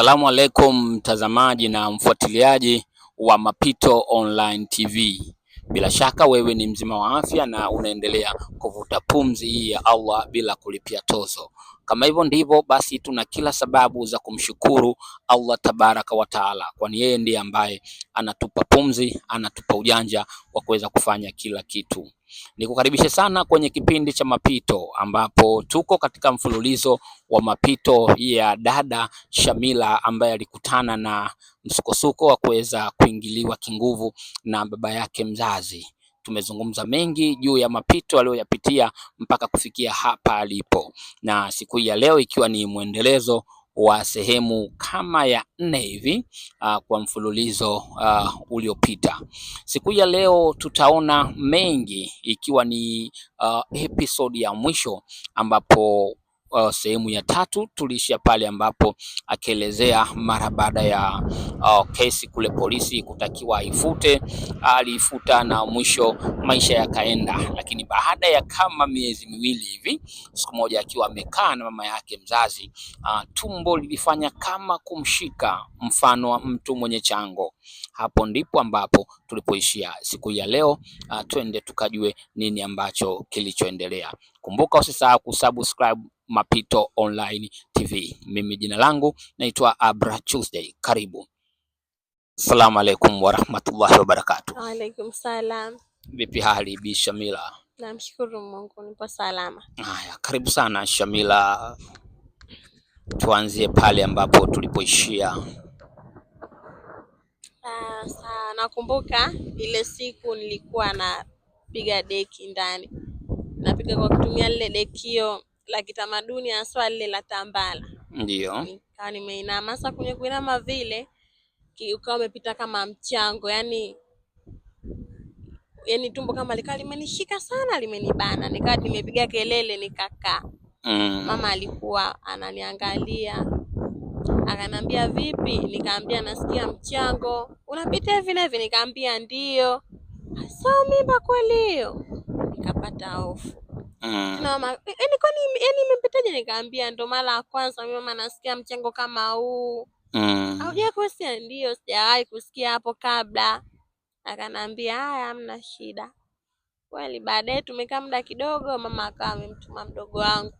asalamu alaikum mtazamaji na mfuatiliaji wa Mapito Online TV. Bila shaka wewe ni mzima wa afya na unaendelea kuvuta pumzi hii ya Allah bila kulipia tozo. Kama hivyo ndivyo basi, tuna kila sababu za kumshukuru Allah tabaraka wa taala, kwani yeye ndiye ambaye anatupa pumzi, anatupa ujanja wa kuweza kufanya kila kitu. Nikukaribishe sana kwenye kipindi cha mapito ambapo tuko katika mfululizo wa mapito ya dada Shamila ambaye alikutana na msukosuko wa kuweza kuingiliwa kinguvu na baba yake mzazi. Tumezungumza mengi juu ya mapito aliyoyapitia mpaka kufikia hapa alipo, na siku hii ya leo ikiwa ni mwendelezo wa sehemu kama ya nne hivi uh, kwa mfululizo uh, uliopita. Siku ya leo tutaona mengi ikiwa ni uh, ah, episode ya mwisho ambapo uh, sehemu ya tatu tuliishia pale ambapo akielezea mara baada ya uh, kesi kule polisi kutakiwa aifute, aliifuta na mwisho maisha yakaenda. Lakini baada ya kama miezi miwili hivi, siku moja akiwa amekaa na mama yake mzazi uh, tumbo lilifanya kama kumshika, mfano wa mtu mwenye chango. Hapo ndipo ambapo tulipoishia siku ya leo. Uh, twende tukajue nini ambacho kilichoendelea. Kumbuka usisahau kusubscribe Mapito Online TV. Mimi jina langu naitwa Abra Tuesday. Karibu. rahmatullahi wa barakatuh. Wa alaykum salam. Vipi hali Bi Shamila? Namshukuru Mungu nipo salama. Haya, karibu sana Shamila, tuanzie pale ambapo tulipoishia. Uh, nakumbuka ile siku nilikuwa napiga deki ndani, napiga kwa kutumia lile dekio la kitamaduni haswa lile la tambala. Ndio. Nikawa nimeinama sasa, kwenye kuinama vile ukawa umepita kama mchango, yani yani tumbo kama likawa limenishika sana, limenibana, nikawa nimepiga kelele, nikakaa. Mm. Mama alikuwa ananiangalia akanambia, vipi? Nikaambia nasikia mchango unapita hivi na hivi, nikaambia ndio. Hasa mimba kweli nikapata hofu. Mm. Mama, yani eh, eh, kwani yani Nikaambia ndo mara ya kwanza mi mama nasikia mchango kama huu. Mm. kusikia? Ndio, sijawahi kusikia hapo kabla. Akaniambia haya, hamna shida. Kweli baadaye tumekaa muda kidogo, mama akawa amemtuma mdogo wangu,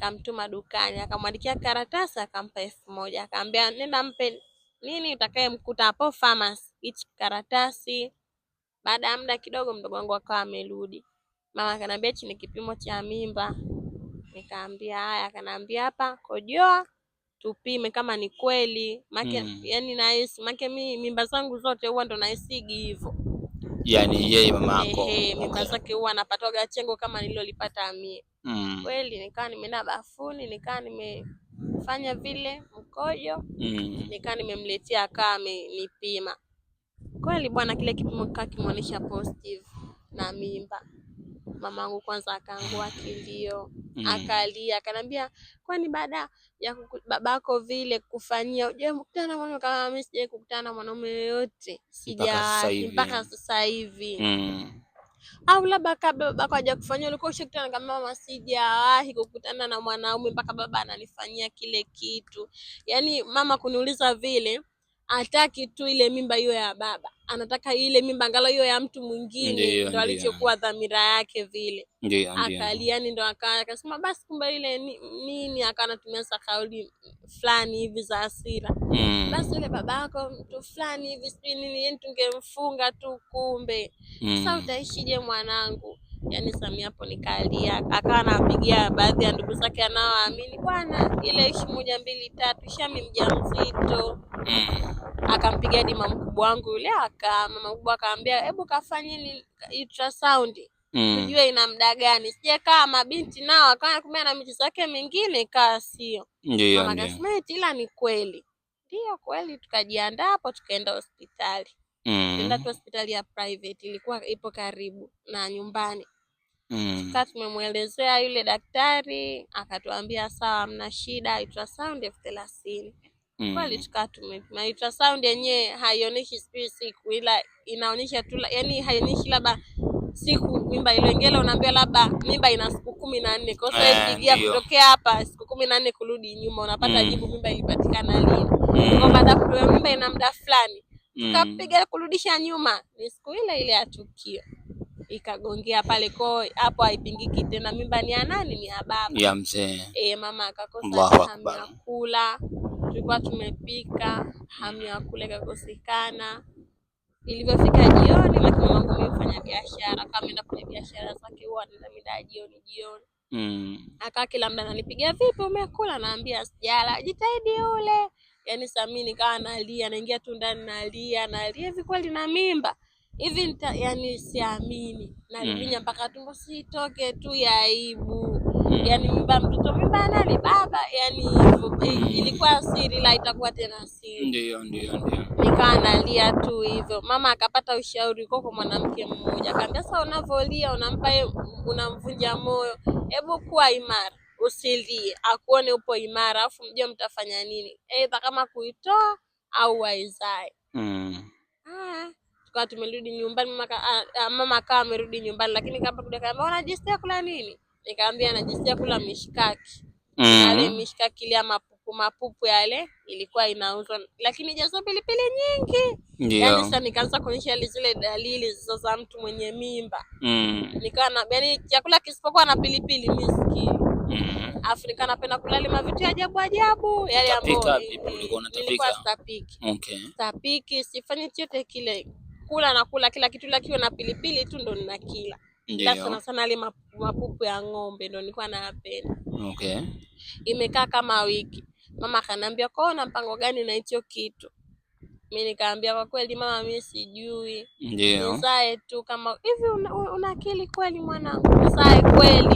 kamtuma dukani, akamwandikia karatasi, akampa elfu moja, akaambia nenda mpe nini utakayemkuta hapo hichi karatasi. Baada ya muda kidogo, mdogo wangu akawa amerudi. Mama akaniambia hichi ni kipimo cha mimba. Nikaambia haya, akaniambia hapa kojoa tupime kama ni kweli make mm. Yani nahisi make mi mimba zangu zote huwa ndo nahisigi hivyo, yani yeye mama yako mimba zake huwa anapatoga chengo kama nililolipata mie mm. Kweli nikaa nimeenda bafuni, nikaa nimefanya vile mkojo mm. Nikaa nimemletea akaa nipima, kweli bwana, kile kipimo kikaa kimeonyesha positive na mimba mamangu kwanza akaangua kilio mm. Akalia akanambia, kwani baada ya babako vile kufanyia hujawahi mkutana na mwanaume? Kama mimi sijawahi kukutana na mwanaume yoyote, sijawahi mpaka sasa hivi mm. Au labda kabla babako haja kufanyia ulikuwa ushakutana? Kama mama, sijawahi kukutana na mwanaume mpaka baba ananifanyia kile kitu. yani mama kuniuliza vile, hataki tu ile mimba hiyo ya baba anataka ile mimba hiyo ya mtu mwingine, ndo alichokuwa dhamira yake vile. Akaliani ndo akawa akasema basi, kumbe ile nini, akawa anatumia sa kauli fulani hivi za asira mm. Basi baba babako mtu fulani hivi sijui nini, yani tungemfunga tu, kumbe mm. Sasa utaishije mwanangu? yani Samia hapo nikalia, akawa anapigia baadhi ya ndugu zake anaoamini, bwana, ile ishi moja mbili tatu, Shami mjamzito akampiga Akampigia hadi mama mkubwa wangu yule, aka mama mkubwa akaambia, hebu kafanyeni ultrasound mm. ina mda gani, sije kama mabinti nao akawa kumbe na michezo yake mingine kaa sio ndio, akasema eh, ila ni kweli, ndio kweli. Tukajiandaa hapo, tukaenda hospitali mm. tukaenda tu hospitali ya private ilikuwa ipo karibu na nyumbani. Mm. Tukaa tumemwelezea yule daktari akatuambia sawa, hamna shida, ultrasound elfu thelathini. Mm. Kweli tukaa tumepima ultrasound yenyewe haionyeshi sijui siku, ila inaonyesha tu, yani haionyeshi labda siku mimba Ilengela, unaambiwa labda mimba ina siku kumi na nne kwa eh, sababu pigia kutokea hapa siku kumi na nne kurudi nyuma, unapata mm. jibu mimba ilipatikana lini, mm. kwa baada kupewa mimba ina muda fulani, mm. tukapiga kurudisha nyuma, ni siku ile ile ya tukio ikagongea pale koo, hapo haipingiki tena, mimba ni ya nani? Ni ya baba, ya mzee. E, mama akakosa hamu ya kula, tulikuwa tumepika, hamu ya kula ikakosekana. Ilivyofika jioni, lakini mama wangu biashara, kama ameenda kwenye biashara zake, huwa anaenda mida jioni jioni Mm. Akaa kila mda ananipigia, vipi umekula? Naambia sijala, jitahidi ule. Yani sami nikawa nalia, naingia tu ndani nalia nalia, hivi kweli na mimba? hivi yani siamini na minya mm. mpaka tumbo sitoke tu ya aibu mm. yani mba mtoto mimba nani baba yani mm. ilikuwa siri la itakuwa tena siri ndio ndio ndio nikawa nalia tu hivyo mama akapata ushauri kwa mwanamke mmoja akaambia sasa unavolia unampa e, unamvunja moyo hebu kuwa imara usilie akuone upo imara afu mjue mtafanya nini aidha kama kuitoa au waizae mm. Ah tukawa tumerudi nyumbani, ah, ah, mama akawa amerudi nyumbani, lakini kabla kuja kaambia unajisikia kula nini? Nikamwambia najisikia kula mishikaki mm. Yale mishikaki ile mapupu mapupu yale ilikuwa inauzwa, lakini jazo pilipili nyingi yeah. Yani sasa nikaanza kuonyesha zile dalili zizo za mtu mwenye mimba mm. Nikawa na yani chakula kisipokuwa na pilipili miski mm. Mm-hmm. Afu nikawa napenda kula mavitu ya ajabu ajabu yale ambayo nilikuwa sitapiki, okay. Sitapiki sifanye chote kile nakula nakula kila kitu, ila na pilipili tu ndo ninakila ila sana sana ile mapupu ya ng'ombe ndo nilikuwa nayapenda. Okay. Imekaa kama wiki, mama akaniambia kwa na mpango gani na hicho kitu? Mi nikaambia kwa kweli mama, mi sijui, nizae tu. Kama hivi una akili kweli mwanangu? Nizae kweli?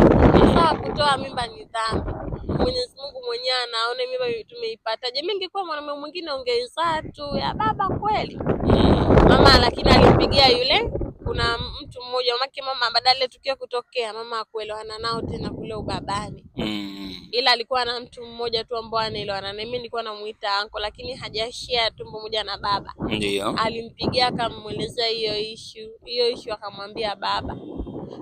Saa kutoa mimba ni dhambi, Mwenyezi Mungu mwenyewe anaone mimba tumeipataje. Mi ningekuwa mwanamume mwingine ungeisaa tu ya baba kweli. Mm mama, lakini alimpigia yule kuna mtu mmoja mamake mama, badala ile tukio kutokea, mama hakuelewana nao tena kule ubabani mm. Ila alikuwa na mtu mmoja tu ambaye anaelewana na mimi, nilikuwa namuita anko, lakini hajashia tumbo moja na baba. Ndio alimpigia akamwelezea hiyo issue, hiyo issue akamwambia baba.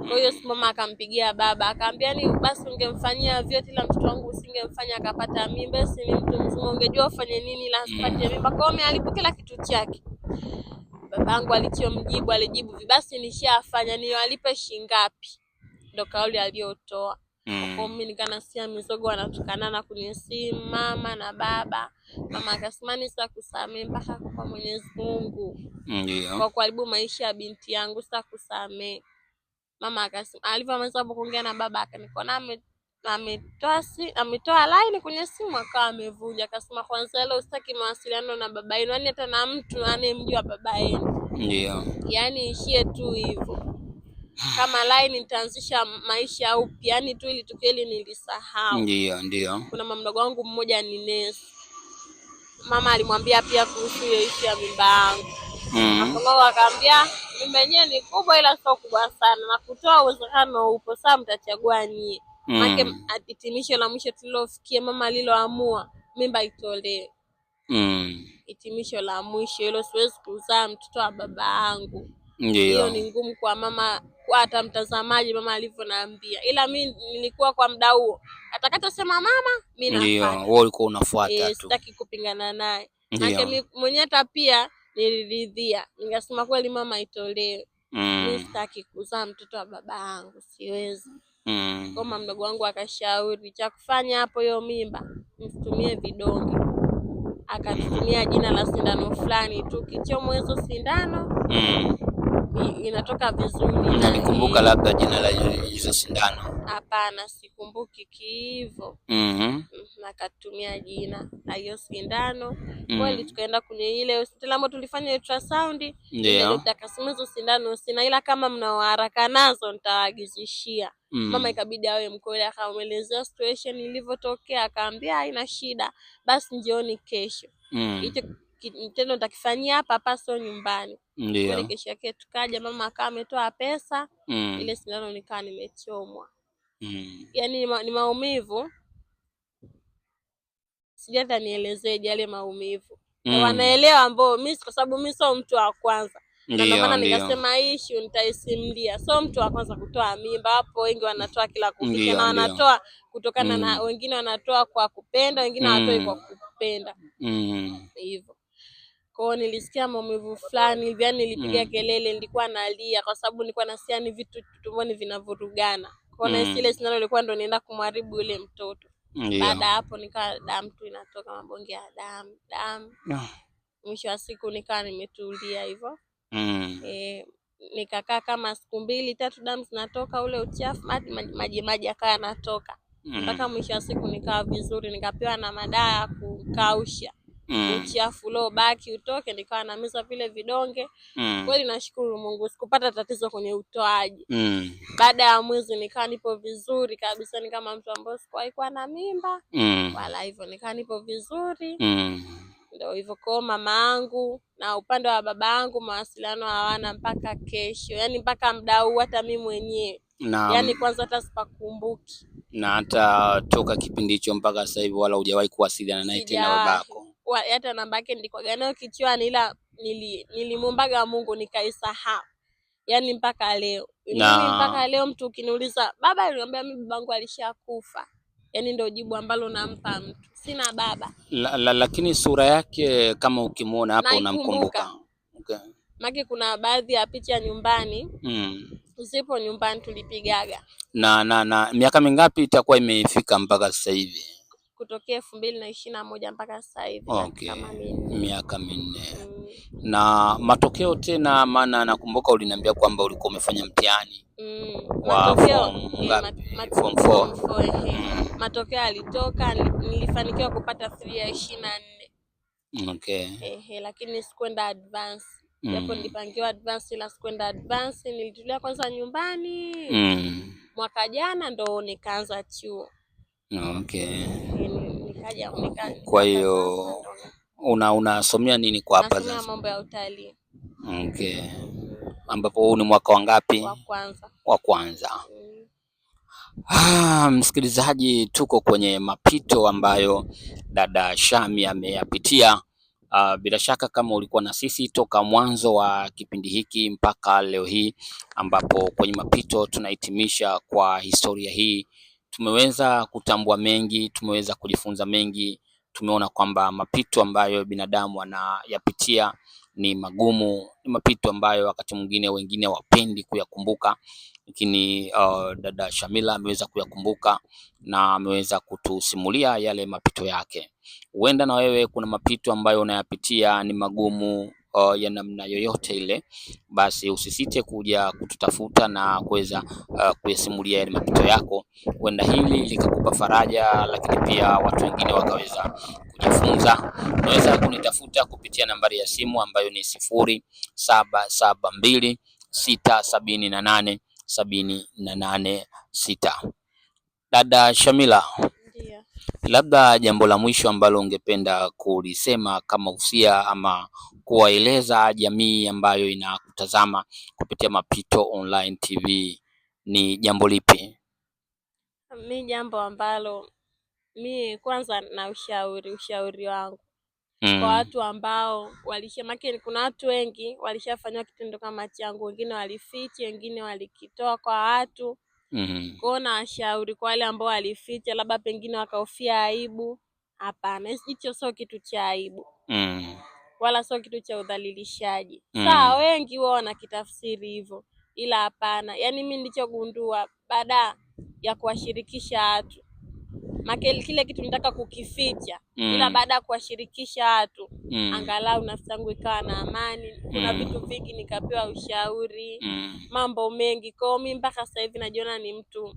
Kwa hiyo mama akampigia baba akaambia, ni yaani basi ungemfanyia vyote ila mtoto wangu usingemfanya akapata mimba, si ni mtu mzima, ungejua ufanye nini ila asipate mm. mimba. Kwa hiyo alipokea kitu chake Babangu alichomjibu alijibu vibasi nishafanya niwalipe shingapi? Ndo kauli aliyotoa. Mm. Kwa mimi sia mizogo wanatukana na kunisihi mama na baba. Mama akasimani sa kusamee mpaka kwa Mwenyezi Mungu. Ndio. Kwa kuharibu maisha ya binti yangu kusamee Mama akasema alivyomaliza hapo kuongea na baba akanikuona ametoa laini kwenye simu akawa amevuja, akasema kwanza leo sitaki mawasiliano na baba yenu, yani hata na mtu anayemjua baba yenu. yeah. Yani ishie tu hivyo, kama laini nitaanzisha maisha upya, yani tu ili tukio hili nilisahau. Ndio, ndio. Kuna mamdogo wangu mmoja ni nesi, mama alimwambia pia kuhusu hiyo ishu ya mimba yangu mm. akaambia mimba yenyewe ni kubwa, ila sio kubwa sana, na kutoa uwezekano upo, saa mtachagua nie Make mm. hitimisho la mwisho tulilofikia mama aliloamua mimba itolewe. Mm. Hitimisho la mwisho hilo, siwezi kuzaa mtoto wa baba yangu. Hiyo ni ngumu kwa mama, kwa hata mtazamaji mama alivyonaambia, ila mi nilikuwa kwa mda huo, atakachosema mama mi nafuata. ulikuwa unafuata eh, tu. E, sitaki kupingana naye, maana mwenyewe hata pia niliridhia, ningasema kweli mama itolewe. Mm. Mi sitaki kuzaa mtoto wa baba yangu, siwezi mm. Koma mdogo wangu akashauri cha kufanya hapo, hiyo mimba msitumie vidonge, Akatumia jina la sindano fulani tu, kichomo hizo sindano mm. inatoka vizuri. Nalikumbuka labda jina la hizo sindano, hapana, sikumbuki kiivo. mm -hmm na akatumia jina na hiyo sindano mm. Kweli tukaenda kwenye ile hospitali ambayo tulifanya ultrasound ndio Akasema hizo sindano sina, ila kama mnaoharaka nazo nitawaagizishia mm. Mama ikabidi awe mkweli, akamwelezea situation ilivyotokea, akaambia haina shida, basi njioni kesho mm. hicho mm. Kitendo nitakifanyia hapa hapa, sio nyumbani. Ndio kesho yake tukaja, mama akawa ametoa pesa mm. ile sindano nikaa nimechomwa mm. yaani ni maumivu sijui hata nielezeje yale maumivu mm. Wanaelewa ambao mi, kwa sababu mi sio mtu wa kwanza, maana nikasema hii issue nitaisimulia. Sio mtu wa kwanza kutoa mimba, hapo wengi wanatoa kila kufika na wanatoa kutokana mm. na wengine wanatoa kwa kupenda, wengine hawatoi mm. kwa kupenda mm. hivyo kwao nilisikia maumivu fulani hivi, yani nilipiga mm. kelele, nilikuwa nalia kwa sababu nilikuwa nasikia ni vitu tumboni vinavurugana. kwao hiyo mm. ile sinalo ilikuwa ndo nienda kumharibu yule mtoto yeah. Baada hapo nikawa damu tu inatoka, mabonge ya damu damu yeah. Mwisho wa siku nikawa nimetulia hivyo mm. E, nikakaa kama siku mbili tatu, damu zinatoka, ule uchafu maji maji akawa yanatoka mm. mpaka mm. Mwisho wa siku nikawa vizuri, nikapewa na madawa ya kukausha mm. uchafu baki utoke, nikawa nameza vile vidonge mm. Kweli nashukuru Mungu sikupata tatizo kwenye utoaji mm. Baada ya mwezi nikawa nipo vizuri kabisa, ni kama mtu ambaye sikuwahi kuwa na mimba mm. wala hivyo, nikawa nipo vizuri mm. Ndio hivyo kwa mama yangu na upande wa baba yangu mawasiliano hawana mpaka kesho, yani mpaka muda huu, hata mi mwenyewe na, yani kwanza hata sipakumbuki na hata toka kipindi hicho mpaka sasa hivi wala hujawahi kuwasiliana naye tena babako? hata namba yake nilikuwaga nayo kichwani, ila nilimwombaga nili Mungu nikaisahau, yani mpaka leo yaani nah. Mpaka leo mtu ukiniuliza baba, niambia mimi babangu alishakufa, yani ndio jibu ambalo nampa mtu, sina baba la, la, lakini sura yake kama ukimwona hapo unamkumbuka okay. Maki kuna baadhi ya picha nyumbani mm. Usipo nyumbani tulipigaga. na na na miaka mingapi itakuwa imefika mpaka sasa hivi? kutokea elfu mbili na ishirini na moja mpaka sasa hivi okay. miaka minne mm. na matokeo tena, maana nakumbuka uliniambia kwamba ulikuwa umefanya mtihani mm. wa form eh, ngapi? Form Matokeo eh. mm. yalitoka, nilifanikiwa kupata 3 ya ishirini na nne okay. Ehe, lakini sikuenda advance japo mm. nilipangiwa advance ila sikuenda advance. Nilitulia kwanza nyumbani mm. mwaka jana ndo nikaanza chuo Okay. Kwa hiyo una unasomea nini kwa hapa nasomea mambo ya utalii. Okay. Ambapo huu ni mwaka wangapi Wa kwanza. Wa kwanza. Mm. Ah, msikilizaji, tuko kwenye mapito ambayo dada Shami ameyapitia. Uh, bila shaka kama ulikuwa na sisi toka mwanzo wa kipindi hiki mpaka leo hii ambapo kwenye mapito tunahitimisha kwa historia hii tumeweza kutambua mengi, tumeweza kujifunza mengi, tumeona kwamba mapito ambayo binadamu anayapitia ni magumu, ni mapito ambayo wakati mwingine wengine wapendi kuyakumbuka, lakini uh, dada Shamila ameweza kuyakumbuka na ameweza kutusimulia yale mapito yake. Huenda na wewe kuna mapito ambayo unayapitia ni magumu, uh, ya namna yoyote ile, basi usisite kuja kututafuta na kuweza uh, kuyasimulia yale mapito yako. Huenda hili likakupa faraja, lakini pia watu wengine wakaweza kujifunza. Unaweza kunitafuta kupitia nambari ya simu ambayo ni sifuri saba saba mbili sita sabini na nane sabini na nane sita. Dada Shamila, labda jambo la mwisho ambalo ungependa kulisema kama usia ama kuwaeleza jamii ambayo inakutazama kupitia Mapito Online TV ni jambo lipi? Mi jambo ambalo mi kwanza na ushauri ushauri wangu mm. kwa watu ambao walisha makini, kuna watu wengi walishafanyiwa kitendo kama changu, wengine walifichi wengine walikitoa kwa watu mm. Mm-hmm. kwao na washauri kwa wale ambao walificha, labda pengine wakahofia aibu. Hapana, hicho sio kitu cha aibu mm wala sio kitu cha udhalilishaji mm. Sawa, wengi wao wanakitafsiri hivyo, ila hapana. Yaani mimi nilichogundua baada ya kuwashirikisha watu make kile kitu nataka kukificha mm. ila baada ya kuwashirikisha watu mm. angalau nafsi yangu ikawa na amani. Kuna mm. vitu vingi nikapewa ushauri mm. mambo mengi kwao, mimi mpaka sasa hivi najiona ni mtu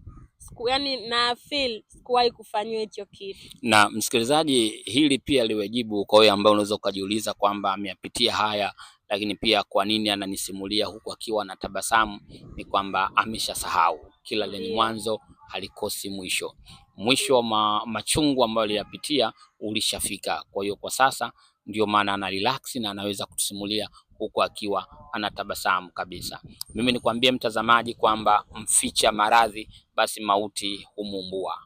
siku, yani na feel sikuwahi kufanyiwa hicho kitu. Na msikilizaji, hili pia liwe jibu kwa wewe ambaye unaweza ukajiuliza kwamba ameyapitia haya lakini pia kwa nini ananisimulia huku akiwa na tabasamu? Ni kwamba ameshasahau kila lenye mwanzo halikosi mwisho. Mwisho wa ma, machungu ambayo aliyapitia ulishafika. Kwa hiyo kwa sasa ndio maana ana relax na anaweza kutusimulia huku akiwa anatabasamu kabisa. Mimi nikwambie mtazamaji kwamba mficha maradhi, basi mauti humumbua.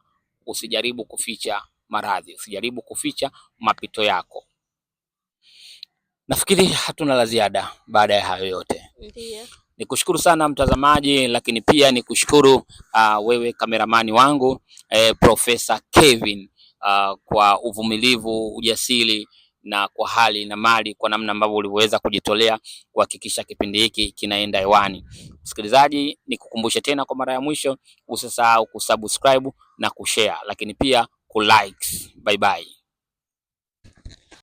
Usijaribu kuficha maradhi, usijaribu kuficha mapito yako. Nafikiri hatuna la ziada baada ya hayo yote. Ndiyo. Nikushukuru sana mtazamaji, lakini pia nikushukuru uh, wewe kameramani wangu eh, Profesa Kevin uh, kwa uvumilivu, ujasiri na kwa hali na mali kwa namna ambavyo ulivyoweza kujitolea kuhakikisha kipindi hiki kinaenda hewani. Msikilizaji, nikukumbushe tena kwa mara ya mwisho, usisahau kusubscribe na kushare, lakini pia kulikes. Bye bye.